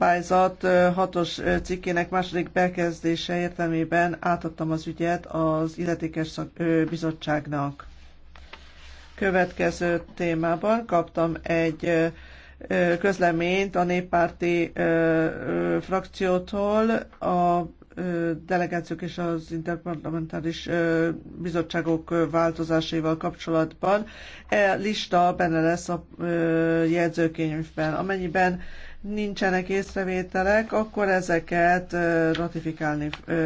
szabályzat hatos cikkének második bekezdése értelmében átadtam az ügyet az illetékes bizottságnak. Következő témában kaptam egy közleményt a néppárti frakciótól a delegációk és az interparlamentáris bizottságok változásaival kapcsolatban. E lista benne lesz a jegyzőkönyvben. Amennyiben nincsenek észrevételek, akkor ezeket ratifikálni